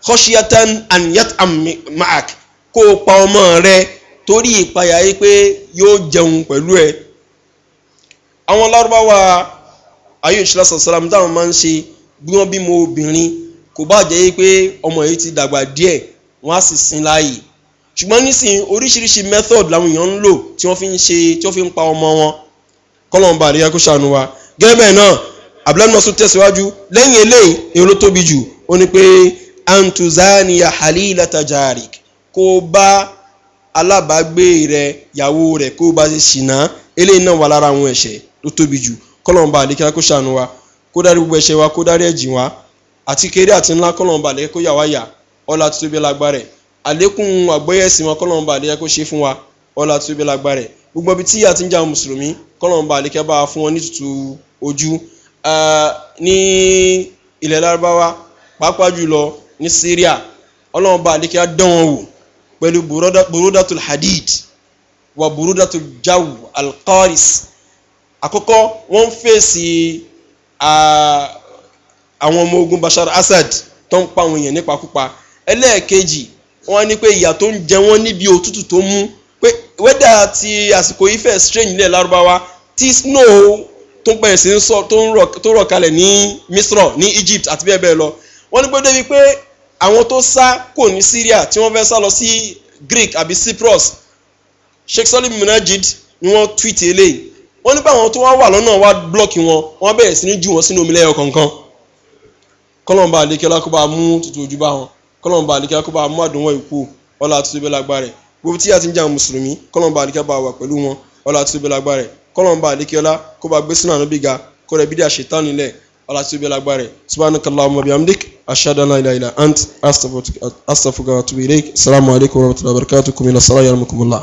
S1: kọ́ṣíyátán an yat am ma'ak kó o pa ọmọ rẹ torí ìpayà yìí pé yóò jẹun pẹ̀lú ẹ. àwọn lárúbáwá ayé òṣìṣẹ́ sàṣàlám táwọn máa ń ṣe bí wọ́n bímọ obìnrin kò bá jẹ́ yìí pé ọmọ yìí ti dàgbà díẹ̀ wọ́n á sì sin láàyè ṣùgbọ́n nísìnyí oríṣiríṣi method làwọn èèyàn ń lò tí wọ́n fi ń ṣe tí wọ́n fi ń pa ọmọ wọn kọ́lọ́mbà àríyá kó ṣàánú wa gẹ́gẹ́ bẹ́ẹ̀ náà abdullahi masu tẹ̀síwájú lẹ́yìn eléyìí èrò tóbi jù ó ní pé antuzaniya halila tajarik kó bá alábàágbé rẹ yàwó rẹ kó bá ṣe ṣìnà eléyìí náà wà lára àwọn ẹ̀ṣẹ̀ ló tóbi jù kọ́lọ̀mbà àlékíá kó ṣàánú wa kó dárí gbogbo ẹ̀ṣẹ̀ wa kó dárí ẹ̀jìn wa àti kéré àti ńlá kọ́lọ̀mbà àlékíá kó yà wá yà ọ̀la tó tóbi lágbára ẹ̀ àlékún àgbọ́yẹ̀sìn wa kọ́lọ̀mbà àlékíá kó ṣe fún wa ọ̀la tó tóbi lágbára gbogbo ibi tí ìyá ti ń jà mùsùlùmí kọ́lọ̀mbà àlékíá bá fún wọn ní tutù ojú ní ilẹ̀ larabawa pàápàá jùlọ ní syria ọlọ́run bá àdékẹ́ dán wọn wò pẹ̀lú burudatul hadid wa burudatul jawu alqaris àkọ́kọ́ wọ́n ń fèsì àwọn ọmọ ogun bashar assad tó ń pa àwọn èèyàn nípakúpa ẹlẹ́ẹ̀kejì wọ́n ní pé ìyà tó ń jẹ wọ́n níbi òtútù tó mú pé wẹ́dà ti àsìkò ifẹ̀ strange nílẹ̀ lárúbáwá tí snow tó bẹ̀rẹ̀ sí sọ tó rọ̀ kalẹ̀ ní misro ní egypt àti bẹ́ẹ̀ bẹ́ẹ̀ lọ wọ́n ní pé débi àwọn tó sá kò ní syria tí wọ́n fẹ́ sá lọ sí greek àbí cyprus sheikh salim munajid ni wọ́n tweet eléyìí wọ́n ní pé àwọn tó wá wà lọ́nà wá blọ́ọ̀kì wọn wọ́n bẹ̀rẹ̀ sí ní jù wọ́n sínú omi lẹ́yọ kọ̀ọ̀kan kọ́lọ́mbà àdékẹ́lá kó bá mú tutù ojú bá wọn kọ́lọ́mbà àdékẹ́lá kó bá mú àdúnwọ̀ ìkú ọlá tutù bẹ́ẹ̀ lágbára gbogbo tí a ti ń jà mùsùlùmí kọ́lọ́mbà àdékẹ́lá bá wà pẹ̀lú wọn ọlá tutù bẹ́ẹ̀ lágbára kọ́lọ́mbà àdékíọ́lá kó bá gbé sínú ànábì ga kó rẹ̀ bídí àṣetán nílẹ̀ ọlá tí ó bí alágbára rẹ̀ subhanakallahumma bihamdik ashhadu an la ilaha illa ant astaghfiruka wa atubu ilayk assalamu alaykum wa rahmatullahi wa barakatuh kùmìnà sàlàyé almukumullah.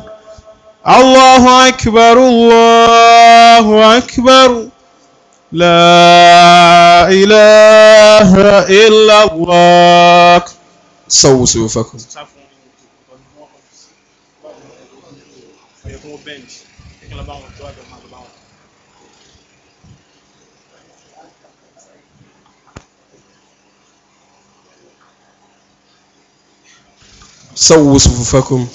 S1: الله أكبر الله أكبر لا إله إلا الله صووا سيوفكم صووا صفوفكم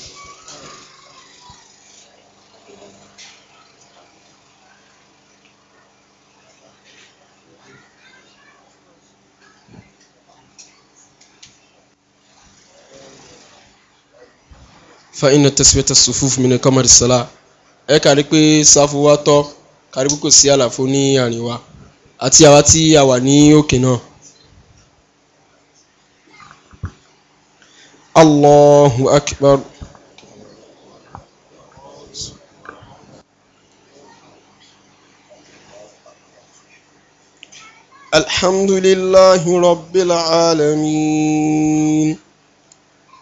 S1: fa iná tẹsíwẹ́tẹ sùfúfù mi ní kọ́mọ̀dé sọ́lá ẹ kárí pé sáfù wa tọ́ kárí pé kò sí àlàfo ní àárín wa àti àwa tí a wà ní òkè náà. allahu akbar. الحمد لله رب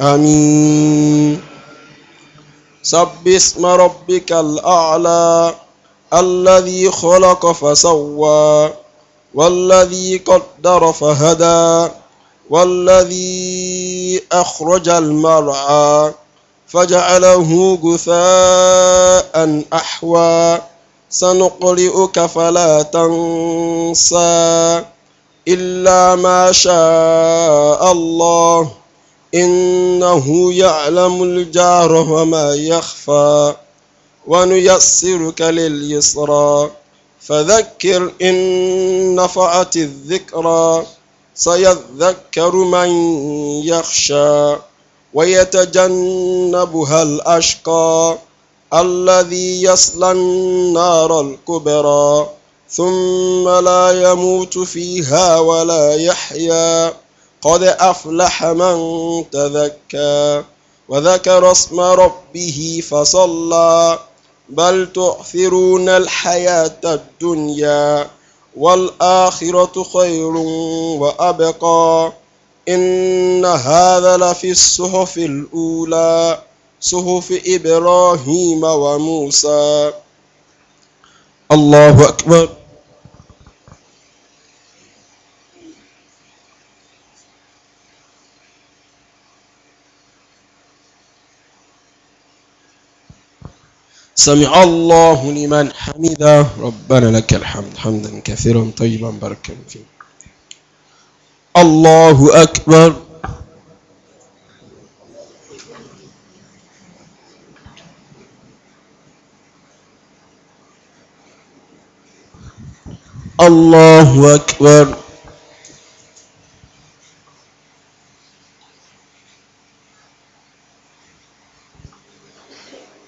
S1: آمين سب اسم ربك الأعلى الذي خلق فسوى والذي قدر فهدى والذي أخرج المرعى فجعله غثاء أحوى سنقرئك فلا تنسى إلا ما شاء الله إنه يعلم الجار وما يخفى ونيسرك لليسرى فذكر إن نفعت الذكرى سيذكر من يخشى ويتجنبها الأشقى الذي يصلى النار الكبرى ثم لا يموت فيها ولا يحيا قد أفلح من تذكى وذكر اسم ربه فصلى بل تؤثرون الحياة الدنيا والآخرة خير وأبقى إن هذا لفي الصحف الأولى صحف إبراهيم وموسى الله أكبر سمع الله لمن حمده ربنا لك الحمد حمدا كثيرا طيبا بركا فيه الله أكبر الله أكبر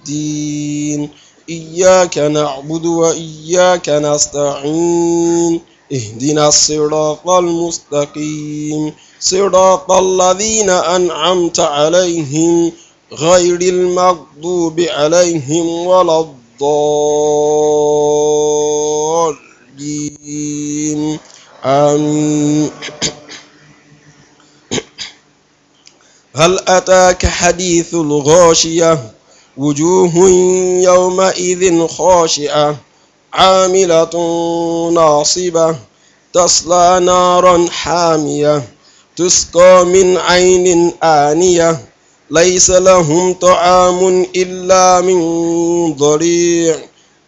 S1: الدين إياك نعبد وإياك نستعين اهدنا الصراط المستقيم صراط الذين أنعمت عليهم غير المغضوب عليهم ولا الضالين آمين هل أتاك حديث الغاشية وجوه يومئذ خاشعة عاملة ناصبة تصلى نارا حامية تسقى من عين آنية ليس لهم طعام إلا من ضريع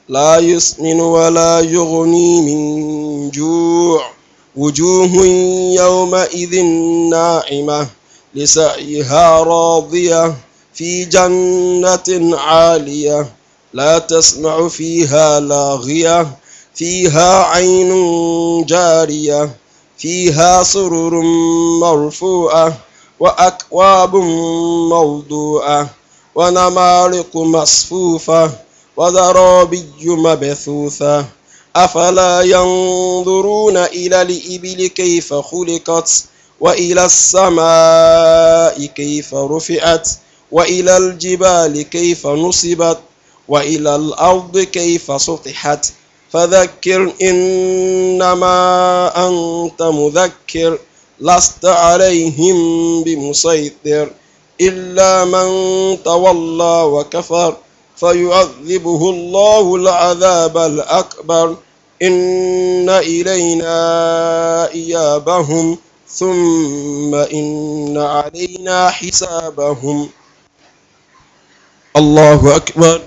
S1: لا يسمن ولا يغني من جوع وجوه يومئذ ناعمة لسعيها راضية في جنة عالية لا تسمع فيها لاغية فيها عين جارية فيها سرر مرفوعة وأكواب موضوعة ونمارق مصفوفة وزرابي مبثوثة أفلا ينظرون إلى الإبل كيف خلقت وإلى السماء كيف رفعت وإلى الجبال كيف نصبت وإلى الأرض كيف سطحت فذكر إنما أنت مذكر لست عليهم بمسيطر إلا من تولى وكفر فيعذبه الله العذاب الأكبر إن إلينا إيابهم ثم إن علينا حسابهم الله أكبر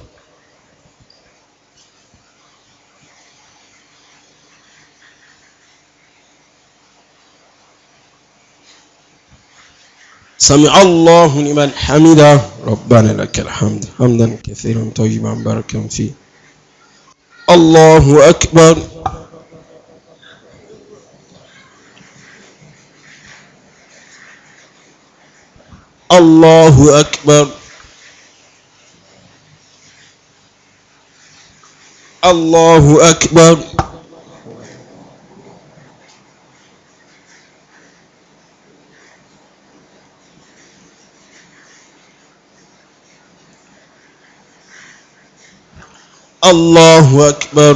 S1: سمع الله لمن حمده ربنا لك الحمد حمدا كثيرا طيبا باركا فيه الله أكبر الله أكبر الله أكبر الله أكبر